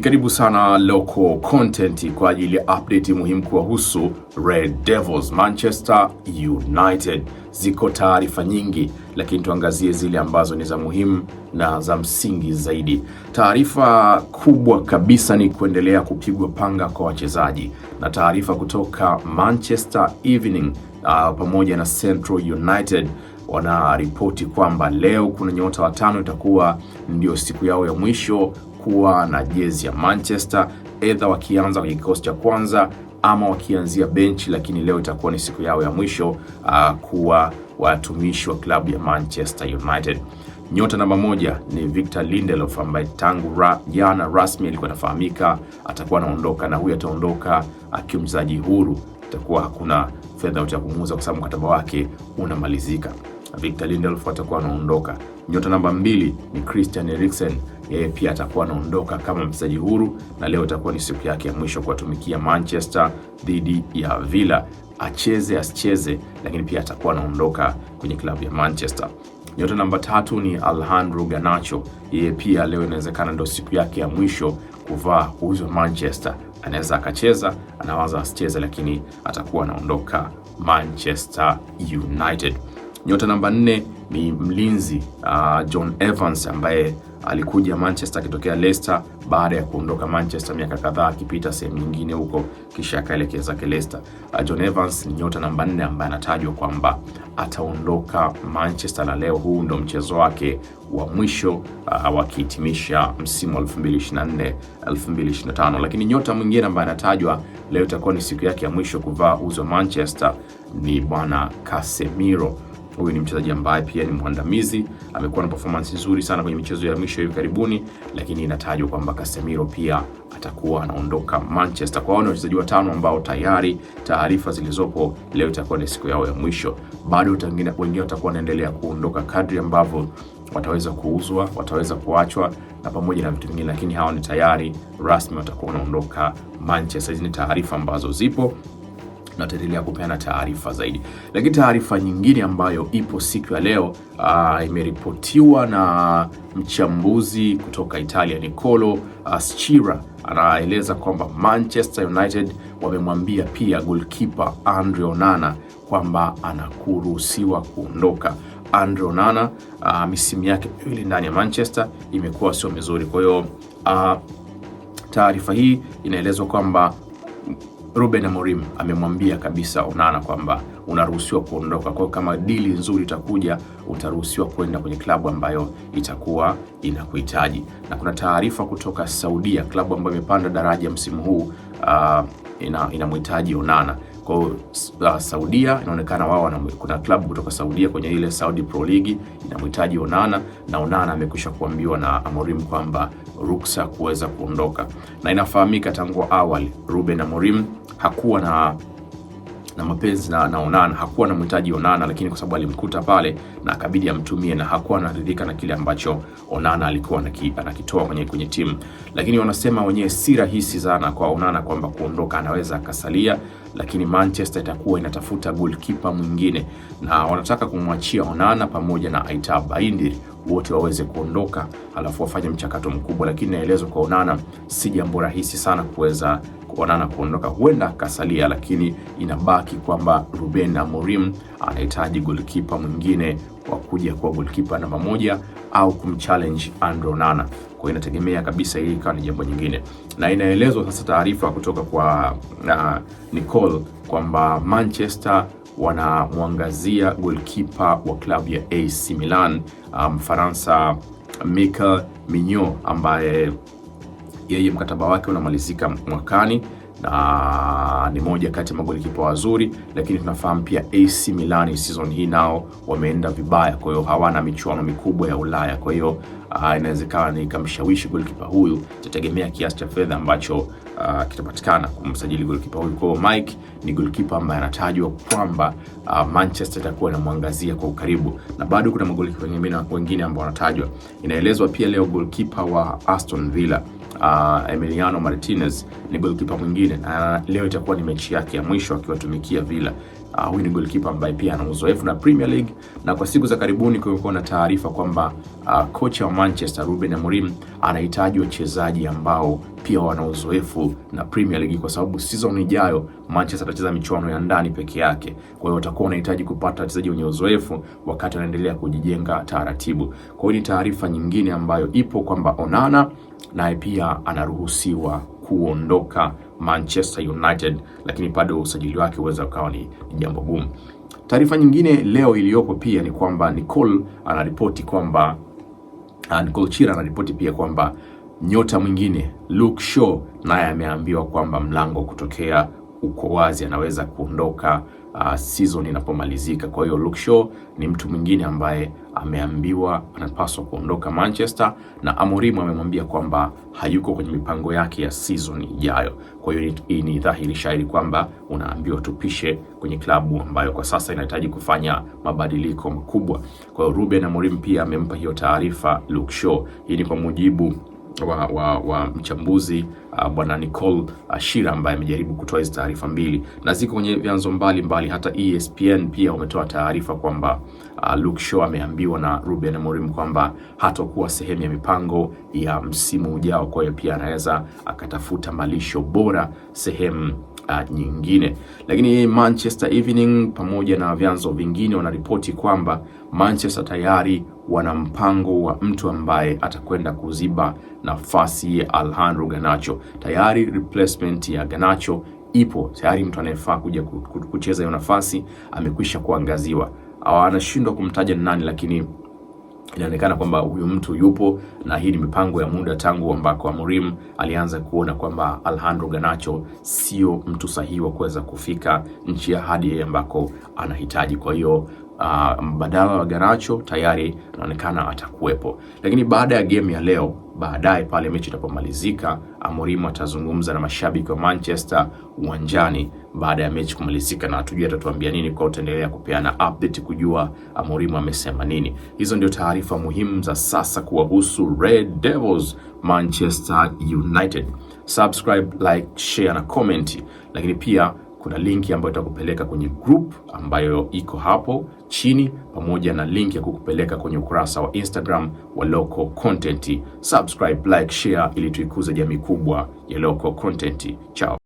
Karibu sana Local Content kwa ajili ya update muhimu kuwahusu Red Devils Manchester United. Ziko taarifa nyingi, lakini tuangazie zile ambazo ni za muhimu na za msingi zaidi. Taarifa kubwa kabisa ni kuendelea kupigwa panga kwa wachezaji, na taarifa kutoka Manchester Evening uh, pamoja na Central United wanaripoti kwamba leo kuna nyota watano itakuwa ndio siku yao ya mwisho kuwa na jezi ya Manchester, edha wakianza kwenye kikosi cha kwanza ama wakianzia benchi, lakini leo itakuwa ni siku yao ya mwisho uh, kuwa watumishi wa klabu ya Manchester United. Nyota namba moja ni Victor Lindelof ambaye tangu ra, jana rasmi alikuwa anafahamika atakuwa anaondoka, na huyu ataondoka akiwa mchezaji huru, itakuwa hakuna fedha ya kumuuza kwa sababu mkataba wake unamalizika na Victor Lindelof atakuwa anaondoka. Nyota namba mbili ni Christian Eriksen, yeye pia atakuwa anaondoka kama mchezaji huru, na leo itakuwa ni siku yake ya mwisho kuwatumikia Manchester dhidi ya Villa. Acheze asicheze, lakini pia atakuwa anaondoka kwenye klabu ya Manchester. Nyota namba tatu ni Alejandro Garnacho, yeye pia leo inawezekana ndio siku yake ya mwisho kuvaa uzo Manchester. Anaweza akacheza, anawaza asicheze, lakini atakuwa anaondoka Manchester United. Nyota namba nne ni mlinzi uh, John Evans ambaye alikuja Manchester akitokea Leicester baada ya kuondoka Manchester miaka kadhaa akipita sehemu nyingine huko kisha akaelekea zake Leicester. Uh, John Evans ni nyota namba nne ambaye anatajwa kwamba ataondoka Manchester na leo huu ndo mchezo wake wa mwisho uh, ah, wakihitimisha msimu wa 2024 2025. Lakini nyota mwingine ambaye anatajwa leo itakuwa ni siku yake ya mwisho kuvaa uzo Manchester ni bwana Casemiro Huyu ni mchezaji ambaye pia ni mwandamizi, amekuwa na performance nzuri sana kwenye michezo ya mwisho hivi karibuni, lakini inatajwa kwamba Casemiro pia atakuwa anaondoka Manchester. Kwa hao ni wachezaji watano ambao tayari taarifa zilizopo leo itakuwa ni siku yao ya mwisho. Bado wengine watakuwa wanaendelea kuondoka kadri ambavyo wataweza kuuzwa, wataweza kuachwa na pamoja na vitu vingine, lakini hawa ni tayari rasmi watakuwa wanaondoka Manchester. Hizi ni taarifa ambazo zipo na tutaendelea kupeana taarifa zaidi. Lakini taarifa nyingine ambayo ipo siku ya leo uh, imeripotiwa na mchambuzi kutoka Italia Nicolo uh, ah, Schira anaeleza kwamba Manchester United wamemwambia pia goalkeeper Andre Onana kwamba anakuruhusiwa kuondoka. Andre Onana uh, misimu yake miwili ndani ya Manchester imekuwa sio mizuri, kwa hiyo uh, taarifa hii inaelezwa kwamba Ruben Amorim amemwambia kabisa Onana kwamba unaruhusiwa kuondoka. Kwa hiyo kama dili nzuri itakuja, utaruhusiwa kwenda kwenye klabu ambayo itakuwa inakuhitaji. Na kuna taarifa kutoka Saudia, klabu ambayo imepanda daraja msimu huu uh, inamhitaji ina Onana kwa hiyo uh, Saudia inaonekana wao, kuna klabu kutoka Saudia kwenye ile Saudi Pro League inamhitaji Onana, na Onana amekwisha kuambiwa na Amorim kwamba ruksa kuweza kuondoka, na inafahamika tangu awali Ruben Amorim hakuwa na na mapenzi na, na Onana, hakuwa na mhitaji Onana, lakini kwa sababu alimkuta pale na akabidi amtumie, na hakuwa anaridhika na kile ambacho Onana alikuwa anakitoa kwenye kwenye timu. Lakini wanasema wenyewe si rahisi sana kwa Onana kwamba kuondoka, anaweza akasalia, lakini Manchester itakuwa inatafuta goalkeeper mwingine, na wanataka kumwachia Onana pamoja na Aita Baindir wote waweze kuondoka, alafu wafanye mchakato mkubwa, lakini naelezwa kwa Onana si jambo rahisi sana kuweza Onana kuondoka huenda kasalia, lakini inabaki kwamba Ruben Amorim anahitaji golikipa mwingine wa kuja kuwa golikipa namba moja au kumchallenge Andre Onana. Kwa hiyo inategemea kabisa, hili ikawa ni jambo nyingine, na inaelezwa sasa taarifa kutoka kwa uh, Nicole kwamba Manchester wanamwangazia golkipa wa klabu ya AC Milan Mfaransa um, Michael Mignon ambaye yeye mkataba wake unamalizika mwakani na ni moja kati ya magoli kipa wazuri, lakini tunafahamu pia AC Milan season hii nao wameenda vibaya, kwa hiyo hawana michuano mikubwa ya Ulaya. Kwa hiyo uh, inawezekana nikamshawishi golikipa huyu, tategemea kiasi cha fedha ambacho uh, kitapatikana kumsajili golikipa huyu. Kwa hiyo Mike ni golikipa ambaye anatajwa kwamba uh, Manchester itakuwa inamwangazia kwa ukaribu, na bado kuna magolikipa wengine ambao wanatajwa. Inaelezwa pia leo golikipa wa Aston Villa uh, Emiliano Martinez ni goalkeeper mwingine na ah, leo itakuwa ni mechi yake ya mwisho akiwatumikia Villa. Uh, huyu ni goalkeeper ambaye pia ana uzoefu na Premier League, na kwa siku za karibuni kumekuwa na taarifa kwamba uh, kocha wa Manchester Ruben Amorim anahitaji wachezaji ambao pia wana uzoefu na Premier League, kwa sababu season ijayo Manchester atacheza michuano ya ndani peke yake. Kwa hiyo watakuwa wanahitaji kupata wachezaji wenye uzoefu wakati wanaendelea kujijenga taratibu. Kwa hiyo ni taarifa nyingine ambayo ipo kwamba Onana naye pia anaruhusiwa kuondoka Manchester United, lakini bado usajili wake huweza ukawa ni jambo gumu. Taarifa nyingine leo iliyopo pia ni kwamba Nicole anaripoti kwamba ah, Nicole Chira anaripoti pia kwamba nyota mwingine Luke Shaw naye ameambiwa kwamba mlango kutokea uko wazi, anaweza kuondoka uh, season inapomalizika. Kwa hiyo Luke Shaw ni mtu mwingine ambaye ameambiwa anapaswa kuondoka Manchester na Amorim amemwambia kwamba hayuko kwenye mipango yake ya season ijayo. Kwa hiyo hii ni dhahiri shahiri kwamba unaambiwa tupishe kwenye klabu ambayo kwa sasa inahitaji kufanya mabadiliko makubwa. Kwa hiyo Ruben Amorim pia amempa hiyo taarifa Luke Shaw. Hii ni kwa mujibu wa, wa, wa mchambuzi uh, bwana Nicole ashira uh, ambaye amejaribu kutoa hizi taarifa mbili na ziko kwenye vyanzo mbalimbali. Hata ESPN pia wametoa taarifa kwamba uh, Luke Shaw ameambiwa na Ruben Amorim kwamba hatakuwa sehemu ya mipango ya msimu ujao, kwa hiyo pia anaweza akatafuta malisho bora sehemu uh, nyingine. Lakini Manchester Evening pamoja na vyanzo vingine wanaripoti kwamba Manchester tayari wana mpango wa mtu ambaye atakwenda kuziba nafasi ya Alejandro Garnacho. Tayari replacement ya Garnacho ipo tayari, mtu anayefaa kuja kucheza hiyo nafasi amekwisha kuangaziwa. Hawanashindwa ah, kumtaja nani, lakini inaonekana kwamba huyu mtu yupo na hii ni mipango ya muda tangu ambako Amorim alianza kuona kwamba Alejandro Garnacho sio mtu sahihi wa kuweza kufika nchi ya hadi ambako anahitaji. Kwa hiyo uh, ah, mbadala wa Garnacho tayari anaonekana atakuwepo, lakini baada ya game ya leo baadaye pale mechi itapomalizika, amorimu atazungumza na mashabiki wa Manchester uwanjani baada ya mechi kumalizika, na hatujui atatuambia nini, kwa utaendelea kupeana update kujua amorimu amesema nini. Hizo ndio taarifa muhimu za sasa kuwahusu Red Devils Manchester United. Subscribe, like, share na comment, lakini pia kuna linki ambayo itakupeleka kwenye group ambayo iko hapo chini, pamoja na linki ya kukupeleka kwenye ukurasa wa Instagram wa Local Content. Subscribe, like, share ili tuikuze jamii kubwa ya Local Content. Chao.